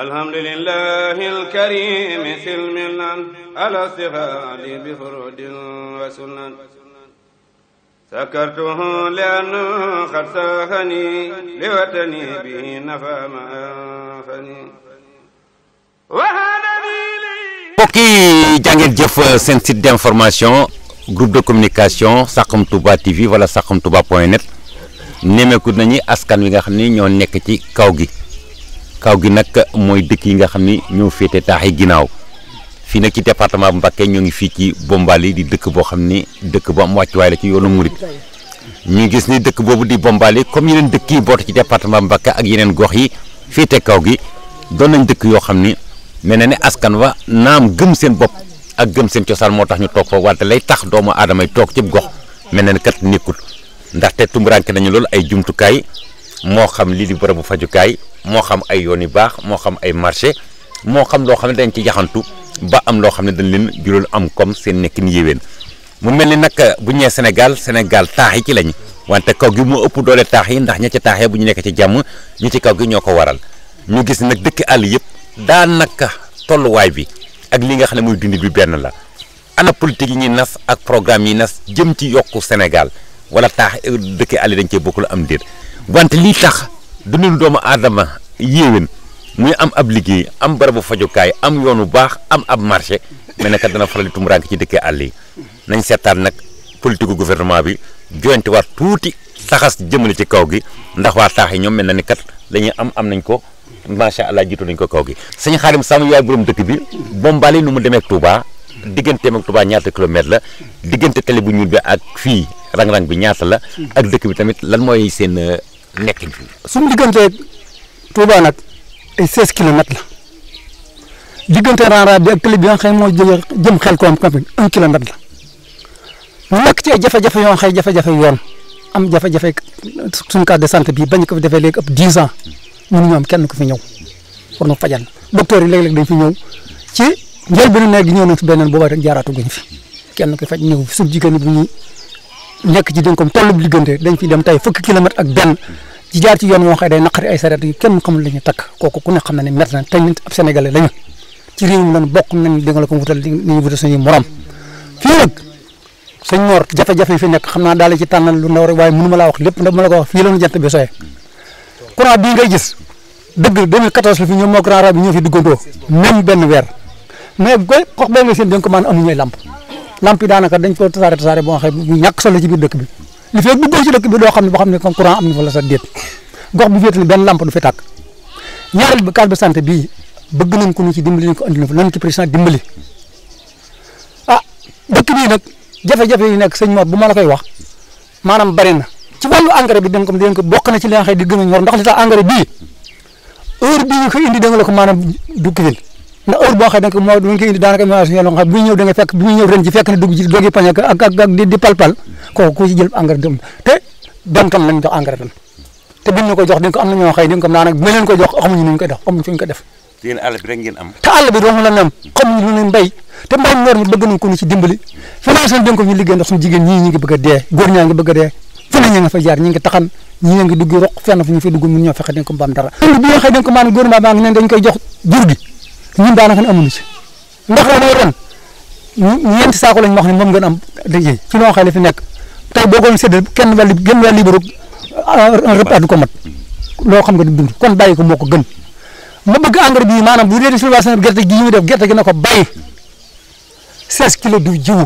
alhamdulillahi alkarimi silmilan alastifad bifurud wa sunan سكرته لأنه قد ساهني لوطني به نفى ما أنفني mbokk yi jàngeen jëf seen site d'information groupe de communication Saxum Touba TV wala saxumtouba.net nemmeeku nañu askan wi nga xam ni ñoo nekk ci kaw gi kaw gi nag mooy dëkk yi nga xam ni ñoo féete taax yi ginnaaw fii nag ci département bu Mbacké ñoo ngi fii ci Bombali di dëkk boo xam ni dëkk mu am wàccuwaay la ci yoonu murit ñu gis ni dëkk boobu di Bombali comme yeneen dëkk yi bootu ci département Mbacké ak yeneen gox yi fii te kaw gi doon nañ dëkk yoo xam ni mel na ne askan wa naam gëm seen bopp ak gëm seen cosaan moo tax ñu toog fa wante lay tax doomu aadama yi toog ci gox mel na ne kat nekkul ndaxte tumuraanke nañu loolu ay jumtukaay moo xam lii di bërëbu fajukaay moo xam ay yoon yu baax moo xam ay marché moo xam loo xam ne dañ ci yaxantu ba am loo xam ne dañ leen jural am comme seen nekkin yéwén mu mel ni nag bu ñëwee senegal senegal taax yi ci lañ wante kaw gi moo ëpp doole taax yi ndax ña ci taaxee bu ñu nekk ci jàmm ñu ci kaw gi ñoo ko waral ñu gis nag dëkk àll yëpp daanaka tolluwaay bi ak li nga xam ne muy dundit bi benn la ana politique yi ñuy nas ak programme yi nas jëm ci yokku Sénégal wala taax dëkk àll dañ cee bokkul am déet wante lii tax dundinu doomu aadama yéewén muy am ab liggéey am barabu fajukaay am yoonu baax am ab marché mais nag dana faral di tumuraanke ci dëkkee àll yi nañ seetaan nag politique gouvernement bi joyanti waat tuuti saxas jëmale ci kaw gi ndax waa taax yi ñoom mel na ni kat la ñuy am am nañ ko macha allah jiitu nañ ko kaw gi. sëñ Xaadim Samb yaay borom dëkk bi Bombali nu mu demee ak Touba digganteem ak Touba ñaata kilomètre la diggante tele bu ñuul bi ak fii rang bi ñaata la ak dëkk bi tamit lan mooy seen. nekkin fi. suñu nag ay 16 kilomètres la diggante Ranra bi ak tali bi nga xam moo jëlee jëm xel koom campagne 1 kilomètre la mu nekk ci jafe-jafe yoo xëy jafe-jafe yoon am jafe-jafe suñu case de santé bi bañ ko fi defee léegi ëpp 10 ans ñoom kenn ku fi ñëw pour ñu fajal docteur yi léeg-léeg dañ fi ñëw ci njëlbéenu nekk ñëw na fi beneen boobaa rek jaaraatu duñ fi kenn ki faj ñëw suñu jigéen ñi bu nekk ci dénkoom tollu bu diggante dañ fi dem tey fukki kilomètre ak benn ci jaar ci yoon yoo xam day naqari ay sareet yu kenn xamul la ñu takk kooku ku ne xam na ne métti na te nit ab sénégalais lañu ci la ko wutal di ñu wutal suñuy morom fii nag jafe-jafe fi xam naa daal ci tànnal lu ndaw rek waaye mënu ma laa wax lépp ndax ma la ko wax fii la ñu jant bi soye courant bii ngay gis dëgg 2014 la fi ñoom moo Grand Rail bi ñoo fi duggandoo même benn weer mais gox boo nga seen dénk maanaam amuñu ay lamp lamp yi daanaka dañ ko tasaare tasaare boo xam ne ñàkk solo ci biir dëkk bi li fekk duggoo ci dëkk bi doo xam ne boo xam ne comme courant am na fa la sa déet gox bu féetale benn lamp du fi tàkk ñaareel bi case de santé bii bëgg nañ ko ñu ci dimbali ñu ko andi fa nañ ci président dimbali a ah, dëkk bii nag jafe-jafe yi nekk sëñ Mor bu ma la koy wax maanaam bari na ci wàllu engrais bi da nga bokk na ci li nga a ñor ndax li tax engrais bii heure bii ñu ko indi da nga la ko maanaam du na heure boo xam ne moo dañ koy indi daanaka fekk bu ñu ñëw ren di palpal kooku ku ci jël engrais dem ko jox dañ ko am na te yéen àll la ñu am xamuñu lu leen te mbay mi war ñu bëgg nañ ko ñu dimbali financé nañ ko ñu liggéey ndax suñu jigéen ñii ñi ngi bëgg a dee góor ñaa ngi bëgg a dee fu ne ñi nga fa jaar ñi ngi dara bu ñu xëy dañ ko maan góor maa ngi ne dañ koy jox jur gi ñun daanaka amuñu ci ndox la mooy ren ñeenti wax ne moom ngeen am liggéey ci loo xam ne nekk tey boo ko séddale kenn wàllu gën wàllu libéraux euh, repas ko mat loo xam nga du dund kon bàyyi ko moo ko gën ma bëgg engrais bii maanaam bu dee distribution gerte gi ñu gerte gi na ko bàyyi 16 kilos du jiwu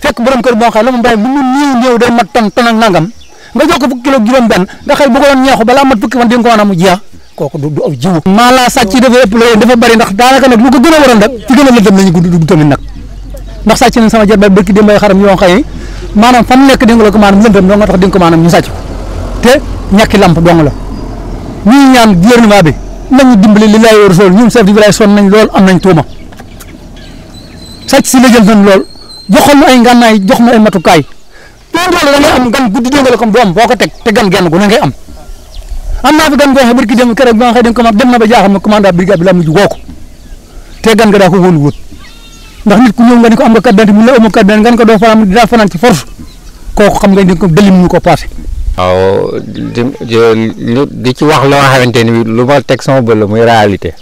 fekk borom kër boo xam ne la mu mu néew néew day mat ton ton ak nangam nga jox ko fukki kilo juróom-benn nga xëy bu ko doon ñeexu balaa mat fukki fan di nga ko a mu jeex kooku du aw jiwu maanaam sàcc yi dafa ëpp loolu dafa bëri ndax daanaka nag lu ko gën a waroon rek ci gën a lëndëm lañu gudd dugg tamit nag ndax sàcc nañ sama jarbaat bërki démbay xaram yoo xëy maanaam fan nekk dénga la ko maanaam lëndëm doo nga tax dénga te ñàkki lamp dong la mu ñaan gouvernement bi nañu dimbali li lay war sool ñun chef de village soon nañ lool am nañ tuuma sàcc si la jël nañ lool joxoon na ay ngànnaay jox na ay matukaay loolu da am gan guddi dénga boo ko teg te gan genn gu ngay am am naa fi gan goo dem keroog ba nga xam ne commande dem na ba jaaxal ma commandant brigade bi laa mujj woo ko te gan nga daa ko wóolu ndax nit ku ñëw nga ni ko am nga carte d'identité mu la amoo carte d'identité nga ni ko doo fanaan dinaa fanaan xam nga ni ko dëlim ñu ko passé. waaw di ci wax loo xamante ni lu ma teg sama bële muy réalité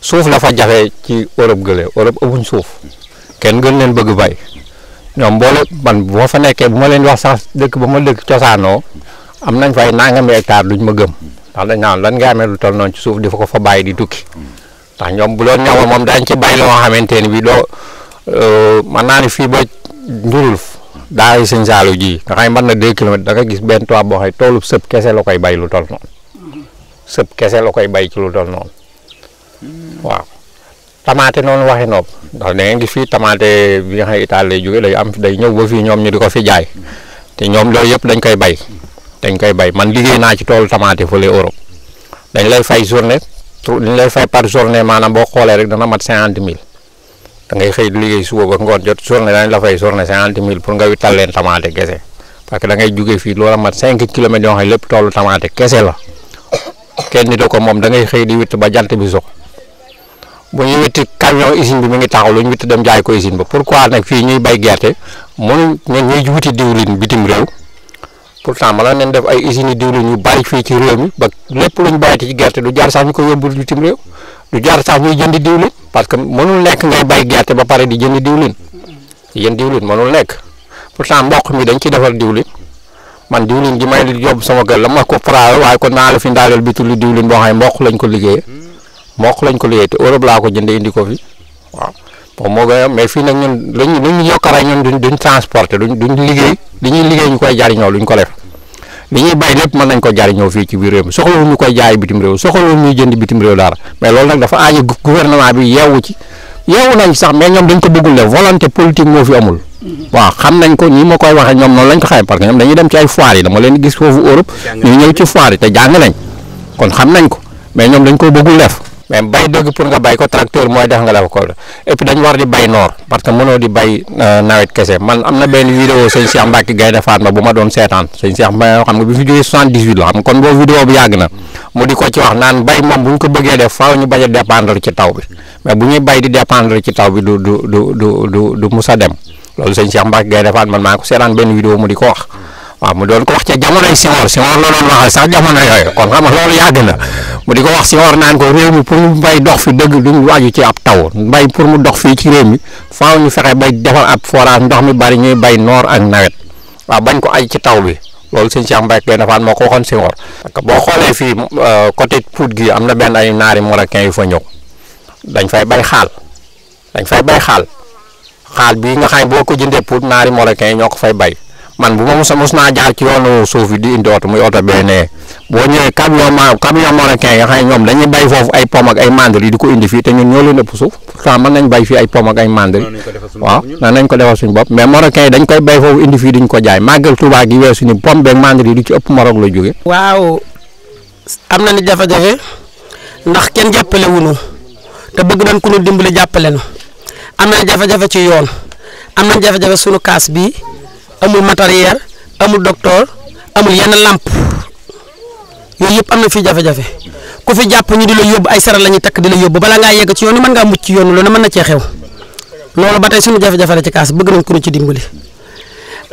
suuf la fa jafe ci Europe gële Europe amuñ suuf kenn gën leen bëgg bay ñoom boole man boo fa nekkee bu ma leen wax sax dëkk ba ma dëkk cosaanoo am nañ fay nangami hectare duñ ma gëm ndax dañ naan lan nga amee lu toll noonu ci suuf di fa ko fa bàyyi di tukki ndax ñoom bu loon ñoom moom dañ ci bàyyi xamante ni bii doo euh, man naa fii ba sëñ Saalu ji nga mën na deux kilomètres da nga gis benn boo xam ne toolu kese la koy bay lu toll noonu sëb kese la koy bay ci lu toll noonu waaw tamaate noonu waxee noob ndax da ngeen fii tamaate bi nga xam ne Italie lay jóge day day ñëw fii ñoom ñu di ko fi jaay te ñoom loolu yëpp dañ koy bay dañ koy bay man liggéey naa ci toolu tamaate fële Europe dañ lay fay journée dañ lay fay par journée maanaam boo xoolee rek dana mat cinquante mille da ngay xëy liggéey suba ba ngoon jot journée dañ la fay journée cinquante mille pour nga wittal leen tamaate gese parce que da ngay fii loola mat cinq kilomètres yoo lépp toolu tamaate kese la kenn nit ko moom da ngay xëy di witt ba jant bi sox bu ñu witti camion usine bi mi ngi taxaw lu ñu witti dem jaay ko usine ba pourquoi nag fii ñuy pourtant mën neen def ay usines yu diwlin yu bari fii ci réew mi ba lépp luñ bàyyi ci gerte du jaar sax ñu ko yóbbul bitim réew du jaar sax ñuy jëndi diwlin parce que mënul nekk ngay bay gerte ba pare di jëndi diwlin yéen diwlin mënul nekk pourtant mboq mi dañ ciy defar diwlin man diwlin gi may li yóbbu sama kër la ma ko faraawe waaye kon naa la fi ndaaleel bi tulli diwlin boo xam ne mboq lañ ko liggéeyee mboq lañ ko liggéeyee te Europe laa ko jëndee indi ko fi waaw. bon moo gën a mais fii nag ñun dañuy ñu yokk rek ñun duñ duñ transporter duñ liggéey li liggéey ñu koy jariñoo luñ ko def li ñuy bay lépp mën nañ ko jariñoo fii ci biir réew mi soxlawul ñu koy jaay bitim réew soxlawul ñuy jënd bitim réew dara mais loolu nag dafa aajo gouvernement bi yeewu ci yeewu nañ sax mais ñoom dañ ko bëggul def volonté politique moo fi amul. Mhm. waaw xam nañ ko ñi ma koy waxee ñoom noonu lañ ko xamee parce dem ci ay leen gis foofu Europe. ñu te jàng nañ kon xam nañ ko mais ñoom dañ ko bëggul def mais bay dëgg pour nga bay ko tracteur mooy def nga def ko et puis dañ war di bay noor parce que mënoo di bay euh, nawet kese man am na benn vidéo sëñ Cheikh Mbacke Gaynde Fatma bu ma doon seetaan sëñ Cheikh xam nga bi fi jógee 78 la xam kon boobu vidéo bi yàgg na mu di ko ci wax naan bay moom bu ñu ko bëggee def faaw ñu bañ a dépendre ci taw bi mais bu ñuy bay di dépendre ci taw bi du du du du du du mus a dem loolu sëñ Cheikh Mbacke Gaynde Fatma man maa ko seetaan benn vidéo mu di ko wax. waaw mu doon ko wax ca jamonoy Senghor Senghor la doon waxal sax jamono yooyu kon xam nga loolu yàgg na mu di ko wax Senghor naan ko réew mi pour mu mbay dox fi dëgg du waaju ci ab taw mbay pour mu dox fii ci réew mi faaw ñu fexe ba defal ab forage ndox mi bari ñuy bay noor ak nawet waaw bañ ko aj ci taw bi loolu sëñ Cheikh Mbaye Gaïndé Fatma moo ko waxoon Senghor boo xoolee fii euh, coté Pout gi am na benn ay naari marocain yi fa ñëw dañ fay bay xaal dañ fay bay xaal xaal bi nga boo ko jëndee Pout naari marocain ñoo ko fay bay man bu ma mos mos naa jaar ci yoonu suuf yi di indi oto muy oto bee nee boo ñëwee camion ma camion marocain yoo xam ne ñoom dañuy bay foofu ay pomme ak ay mandre yi di ko indi fii te ñun ñoo leen ëpp suuf pourtant mën nañ bay fii ay pomme ak ay mandre waaw nan nañ ko defal bopp mais marocain yi dañ koy bay foofu indi fii duñ ko jaay màggal Tuubaa gi weesu ni pomme beeg mandre yi du ci ëpp Maroc la jóge waaw am na ni jafe-jafe ndax kenn jàppale wuñu te bëgg nañ ku ñu dimbali jàppale nu na jafe-jafe ci yoon am na jafe-jafe suñu kaas bii amul matériel amul docteur amul yenn làmp yooyu yëpp am na fii jafe-jafe ku fi jàpp ñu di la yóbbu ay saral la ñuy takk di la yóbbu bala ngaa yegg ci yoonu mën ngaa mucc ci yoonu loolu mën na cee xew loolu ba tey suñu jafe ci kaas bëgg nañ ku ñu ci dimbali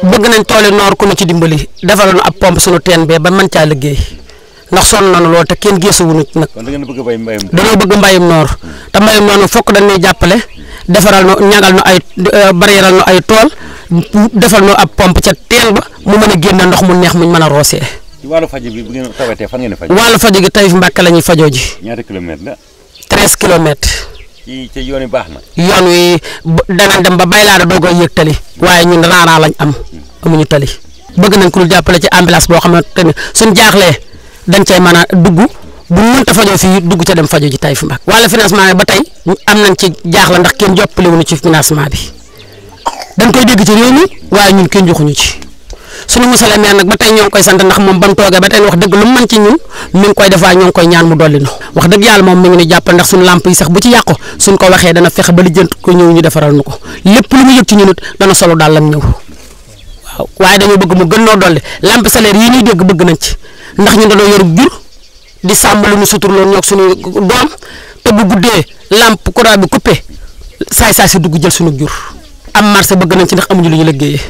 bëgg nañ tooli noor ku ñu ci dimbali defaloon ab pompe suñu teen bee ba mën caa liggéey ndax sonn nañu lool te kenn géesuwuñu nag dañoo bëgg mbayum noor te mbayum noor fokk dañ ñuy jàppale defaral nu ñagal nu ay bariyeeral nu ay tool defal ñu ab pompe ca teen ba mu mën a génne ndox mu neex muñ mën a roosee. ci wàllu faj bi bu ngeen tawatee fan ngeen faj. wàllu faj gi la ñuy fajoo ji. ñaata kilomètres la. treize kilomètres. ci yoon wi baax na. yoon wi danañ dem ba Baylaada doog a yëg tali waaye ñun raaraan lañ am amuñu tali bëgg nañ ku lu jàppale ci ambulance boo xamante ne suñ jaaxle dañ cay mën a dugg bu mënta fajoo fii dugg ca dem fajoo ji Taïf Mbàkke wàllu financement bi ba tey am nañ ci jaaxle ndax kenn joppalewuñu ci financement bi. dañ koy dégg ci réew mi waaye ñun kenn joxuñu ci suñu monsieur le maire nag ba tey ñoo koy sant ndax moom ba mu toogee ba tey wax dëgg lu mu ci ñun mi ngi koy defaa ñoo ngi koy ñaan mu dolli no wax dëgg yàlla moom mi ngi ne jàppal ndax suñu làmp yi sax bu ci yàqu suñ ko waxee dana fexe ba lijjant ko ñëw ñu defaral nu ko lépp lu mu yëg ci ñun it dana solo daal lam ñëw waaw waaye dañoo bëgg mu gën noo dolli lampe solaire yi ñuy dégg bëgg nañ ci ndax ñun dañoo yor jur di sàmm lu ñu suturloon ñoog suñu doom te bu guddee lampe courant bi coupé saay saay si dugg jël suñu jur am marché bëgg nañ ci ndax amuñu lu ñu liggéeyee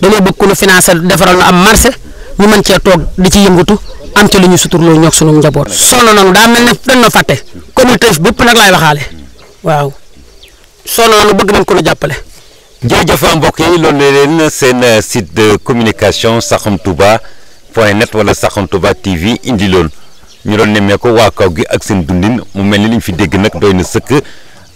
dañoo bëgg ku ñu financé defaral ñu am marché ñu mën cee toog di ci yëngatu am ci lu ñu suturloo ñoog sunu njaboot. sonn nañu daa mel ne dañ na fàtte communauté bépp nag laay waxaale waaw bëgg nañ ku ñu jàppale. jërëjëf mbokk yi loolu leen seen site de communication Saxum Touba point net wala Saxum Touba TV indi loon ñu doon nemmee ko waa kaw gi ak seen dundin mu mel ni liñ fi dégg nag doy na sëkk.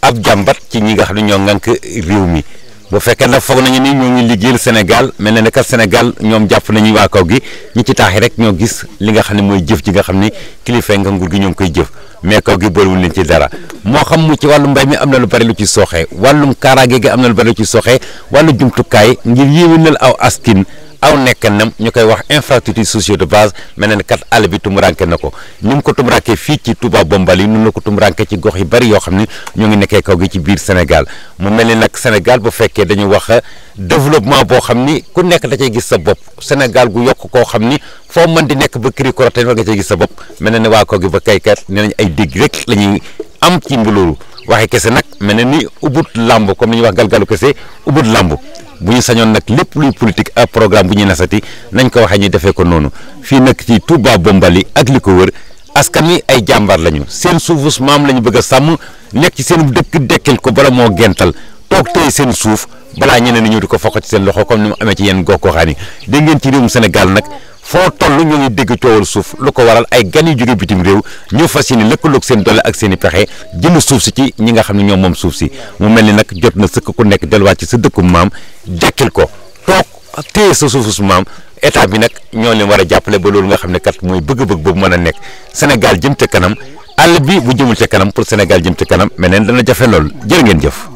ab jàmbat ci ñi nga xam ne ñoo ŋànk réew mi bu fekkee nag foog nañu ni ñoo ngi liggéeyal Sénégal mel na ne que Sénégal ñoom jàpp nañu waa kaw gi ñi ci taax yi rek ñoo gis li nga xam ne mooy jëf ji nga xam ne kilifa nga nguur gi ngi koy jëf mais kaw gi bëriwul leen ci dara moo xam mu ci wàllu mbay mi am na lu bari lu ci sooxee wàllum kaaraange gi am na lu bari lu ci sooxee wàllu jumtukaay ngir yéwénal aw askin aw nekkanam ñu koy wax infrastructure sociaux de base mel na ne kat àll bi na ko ñu ngi ko tumuranke fii ci tubaab Touba Bombali ñu na ko tumuranke ci gox yu bari yoo xam ne ñoo ngi nekkee kaw gi ci biir Sénégal mu mel ni nag Sénégal bu fekkee dañu wax développement boo xam ni ku nekk da cay gis sa bopp Sénégal gu yokk koo xam ni foo mën di nekk ba kiri korote war nga cay gis sa bopp mel na ne waa kaw gi ba kaykat nee nañ ay dégg rek la ñuy am timb mbulooru waxe kese nag mel na ni ubut làmb comme ni ñuy wax galgalu kese ubut làmb bu ñu sañoon nag lépp luy politique ak programme bu ñuy nasati nañ ko waxee ñu defee ko noonu fii nag ci Touba Bombali ak li ko wër askan wi ay jàmbaar lañu seen suufus maam la ñu bëgg a sàmm nekk ci seen dëkk dekkil ko bala moo gental toog tey seen suuf balaa ñeneen ñu di ko foq ci seen loxo comme ni mu amee ci yenn gox goxaan yi ngeen ci réewum Sénégal nag. foo toll ñu ngi dégg coowal suuf lu ko waral ay gan yu jóge bitim réew ñu fas yéene lëkkaloog seen doole ak seeni pexe jënd suuf si ci ñi nga xam ne ñoom moom suuf si mu mel ni nag jot na sëkk ku nekk delluwaat ci sa dëkkum maam jàkkil ko toog téye sa suufu su maam état bi nag ñoo leen war a jàppale ba loolu nga xam ne kat mooy bëgg-bëgg boobu mën a nekk Sénégal jëm ca kanam àll bi bu jëmul ca kanam pour Sénégal jëm ca kanam meneen dana jafe lool jërë ngeen jëf.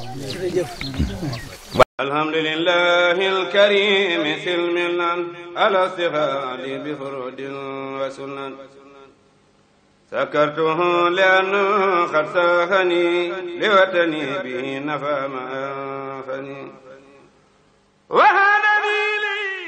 alhamdulillahi alkarimi silmilan alastifad bifrodin wa sunan سكرته لأنه قد ساهني لوطني به نفى ما أنفني وهذا لي